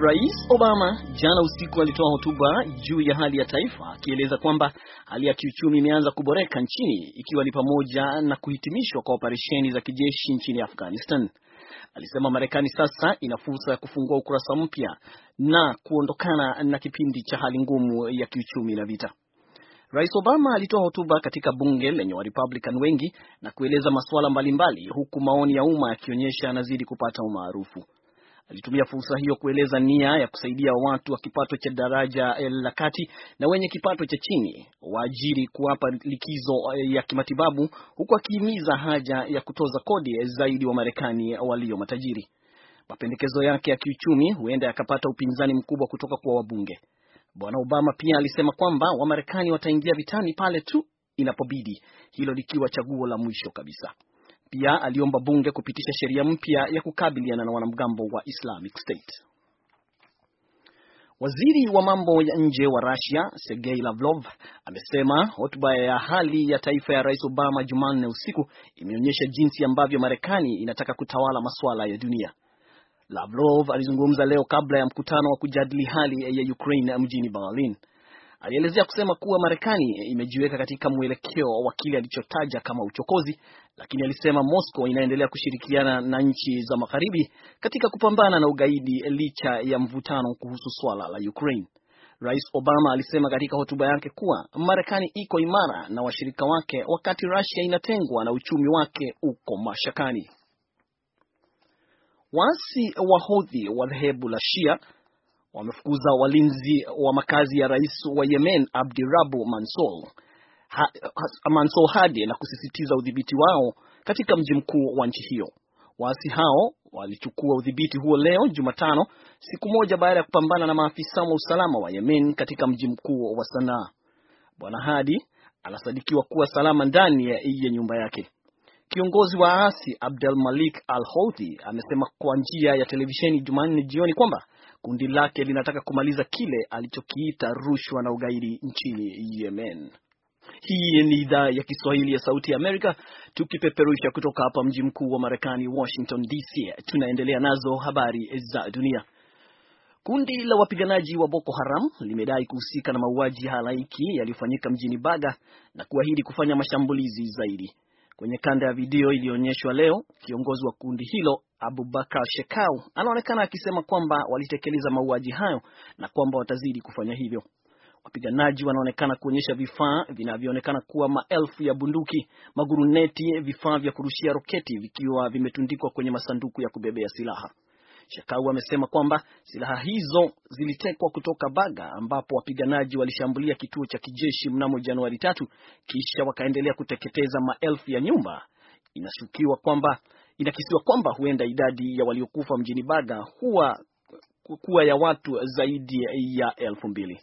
Rais Obama jana usiku alitoa hotuba juu ya hali ya taifa akieleza kwamba hali ya kiuchumi imeanza kuboreka nchini ikiwa ni pamoja na kuhitimishwa kwa operesheni za kijeshi nchini Afghanistan. Alisema Marekani sasa ina fursa ya kufungua ukurasa mpya na kuondokana na kipindi cha hali ngumu ya kiuchumi na vita. Rais Obama alitoa hotuba katika bunge lenye Republican wengi na kueleza masuala mbalimbali, huku maoni ya umma yakionyesha anazidi kupata umaarufu. Alitumia fursa hiyo kueleza nia ya kusaidia watu wa kipato cha daraja eh, la kati na wenye kipato cha chini waajiri kuwapa likizo eh, ya kimatibabu huku akihimiza haja ya kutoza kodi eh, zaidi wa Marekani walio matajiri. Mapendekezo yake ya kiuchumi huenda yakapata upinzani mkubwa kutoka kwa wabunge. Bwana Obama pia alisema kwamba Wamarekani wataingia vitani pale tu inapobidi, hilo likiwa chaguo la mwisho kabisa. Pia aliomba bunge kupitisha sheria mpya ya kukabiliana na wanamgambo wa Islamic State. Waziri wa mambo ya nje wa Russia Sergei Lavrov amesema hotuba ya hali ya taifa ya Rais Obama Jumanne usiku imeonyesha jinsi ambavyo Marekani inataka kutawala masuala ya dunia. Lavrov alizungumza leo kabla ya mkutano wa kujadili hali ya Ukraine mjini Berlin. Alielezea kusema kuwa Marekani imejiweka katika mwelekeo wa kile alichotaja kama uchokozi, lakini alisema Moscow inaendelea kushirikiana na nchi za Magharibi katika kupambana na ugaidi licha ya mvutano kuhusu swala la Ukraine. Rais Obama alisema katika hotuba yake kuwa Marekani iko imara na washirika wake wakati Russia inatengwa na uchumi wake uko mashakani. Waasi wa Houthi wa dhehebu la Shia wamefukuza walinzi wa makazi ya rais wa Yemen Abdirabu Mansour ha, Mansour Hadi na kusisitiza udhibiti wao katika mji mkuu wa nchi hiyo. Waasi hao walichukua udhibiti huo leo Jumatano, siku moja baada ya kupambana na maafisa wa usalama wa Yemen katika mji mkuu wa Sanaa. Bwana Hadi anasadikiwa kuwa salama ndani ya nyumba yake. Kiongozi wa waasi Abdel Malik Al Houthi amesema kwa njia ya televisheni Jumanne jioni kwamba Kundi lake linataka kumaliza kile alichokiita rushwa na ugaidi nchini Yemen. Hii ni idhaa ya Kiswahili ya Sauti ya Amerika, tukipeperusha kutoka hapa mji mkuu wa Marekani, Washington DC. Tunaendelea nazo habari za dunia. Kundi la wapiganaji wa Boko Haram limedai kuhusika na mauaji halaiki yaliyofanyika mjini Baga na kuahidi kufanya mashambulizi zaidi. Kwenye kanda ya video iliyoonyeshwa leo, kiongozi wa kundi hilo Abubakar Shekau anaonekana akisema kwamba walitekeleza mauaji hayo na kwamba watazidi kufanya hivyo. Wapiganaji wanaonekana kuonyesha vifaa vinavyoonekana kuwa maelfu ya bunduki, maguruneti, vifaa vya kurushia roketi vikiwa vimetundikwa kwenye masanduku ya kubebea silaha. Shekau amesema kwamba silaha hizo zilitekwa kutoka Baga ambapo wapiganaji walishambulia kituo cha kijeshi mnamo Januari tatu, kisha wakaendelea kuteketeza maelfu ya nyumba. Inashukiwa kwamba inakisiwa kwamba huenda idadi ya waliokufa mjini Baga huwa kuwa ya watu zaidi ya elfu mbili.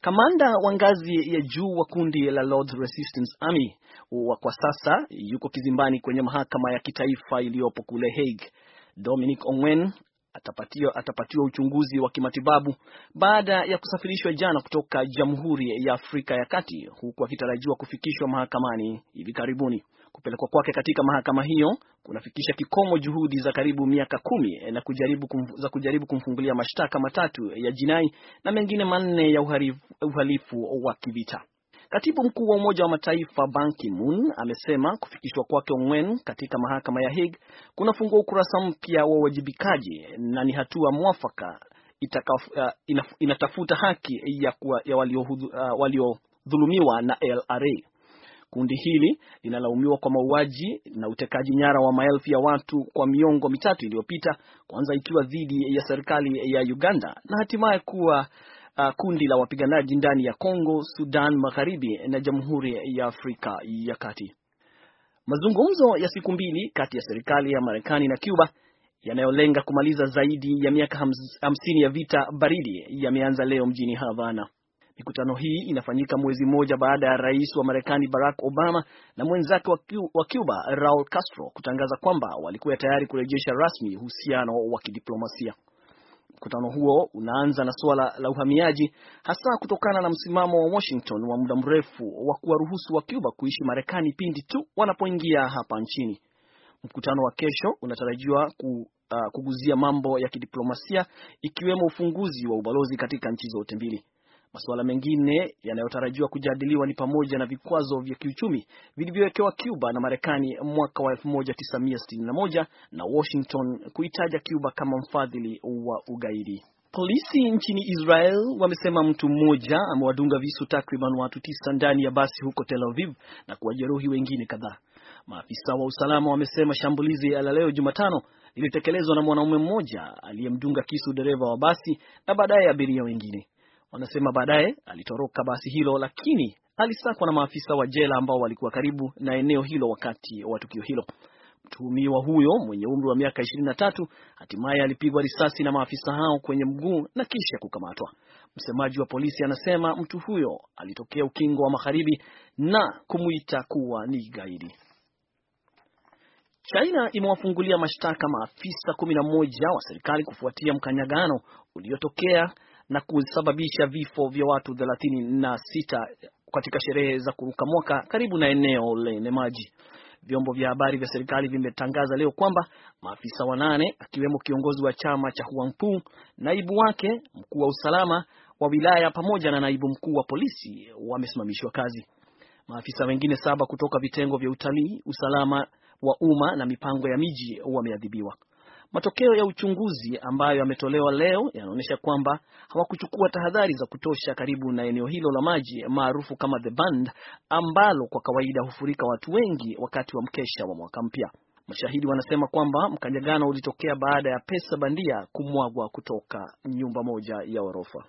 Kamanda wa ngazi ya juu wa kundi la Lord's Resistance Army wa kwa sasa yuko kizimbani kwenye mahakama ya kitaifa iliyopo kule Hague Dominic Ongwen atapatiwa, atapatiwa uchunguzi wa kimatibabu baada ya kusafirishwa jana kutoka Jamhuri ya Afrika ya Kati huku akitarajiwa kufikishwa mahakamani hivi karibuni. Kupelekwa kwake katika mahakama hiyo kunafikisha kikomo juhudi za karibu miaka kumi eh, na kujaribu kumf, za kujaribu kumfungulia mashtaka matatu ya jinai na mengine manne ya uhalifu, uhalifu wa kivita. Katibu mkuu wa Umoja wa Mataifa Ban Ki-moon amesema kufikishwa kwake Ongwen katika mahakama ya Hague kunafungua ukurasa mpya wa uwajibikaji na ni hatua mwafaka itaka, uh, inatafuta haki ya, ya uh, waliodhulumiwa uh, walio na LRA. Kundi hili linalaumiwa kwa mauaji na utekaji nyara wa maelfu ya watu kwa miongo mitatu iliyopita, kwanza ikiwa dhidi ya serikali ya Uganda na hatimaye kuwa uh, kundi la wapiganaji ndani ya Kongo, Sudan Magharibi na Jamhuri ya Afrika ya Kati. Mazungumzo ya siku mbili kati ya serikali ya Marekani na Cuba yanayolenga kumaliza zaidi ya miaka hamsini ya vita baridi yameanza leo mjini Havana. Mikutano hii inafanyika mwezi mmoja baada ya rais wa Marekani Barack Obama na mwenzake wa Cuba Raul Castro kutangaza kwamba walikuwa tayari kurejesha rasmi uhusiano wa kidiplomasia. Mkutano huo unaanza na suala la uhamiaji, hasa kutokana na msimamo wa Washington wa muda mrefu wa kuwaruhusu wa Cuba kuishi Marekani pindi tu wanapoingia hapa nchini. Mkutano wa kesho unatarajiwa ku, uh, kuguzia mambo ya kidiplomasia ikiwemo ufunguzi wa ubalozi katika nchi zote mbili. Masuala mengine yanayotarajiwa kujadiliwa ni pamoja na vikwazo vya kiuchumi vilivyowekewa Cuba na Marekani mwaka wa 1961 na Washington kuitaja Cuba kama mfadhili wa ugaidi. Polisi nchini Israel wamesema mtu mmoja amewadunga visu takriban watu tisa ndani ya basi huko Tel Aviv na kuwajeruhi wengine kadhaa. Maafisa wa usalama wamesema shambulizi la leo Jumatano lilitekelezwa na mwanaume mmoja aliyemdunga kisu dereva wa basi na baadaye abiria wengine. Wanasema baadaye alitoroka basi hilo, lakini alisakwa na maafisa wa jela ambao walikuwa karibu na eneo hilo wakati wa tukio hilo. Mtuhumiwa huyo mwenye umri wa miaka ishirini na tatu hatimaye alipigwa risasi na maafisa hao kwenye mguu na kisha kukamatwa. Msemaji wa polisi anasema mtu huyo alitokea ukingo wa magharibi na kumwita kuwa ni gaidi. China imewafungulia mashtaka maafisa kumi na moja wa serikali kufuatia mkanyagano uliotokea na kusababisha vifo vya watu sita katika sherehe za kuruka mwaka karibu na eneo lenye maji. Vyombo vya habari vya serikali vimetangaza leo kwamba maafisa wanane akiwemo kiongozi wa chama cha Huangpu, naibu wake, mkuu wa usalama wa wilaya pamoja na naibu mkuu wa polisi wamesimamishwa kazi. Maafisa wengine saba kutoka vitengo vya utalii, usalama wa umma na mipango ya miji wameadhibiwa. Matokeo ya uchunguzi ambayo yametolewa leo yanaonyesha kwamba hawakuchukua tahadhari za kutosha karibu na eneo hilo la maji maarufu kama The Bund ambalo kwa kawaida hufurika watu wengi wakati wa mkesha wa mwaka mpya. Mashahidi wanasema kwamba mkanyagano ulitokea baada ya pesa bandia kumwagwa kutoka nyumba moja ya ghorofa.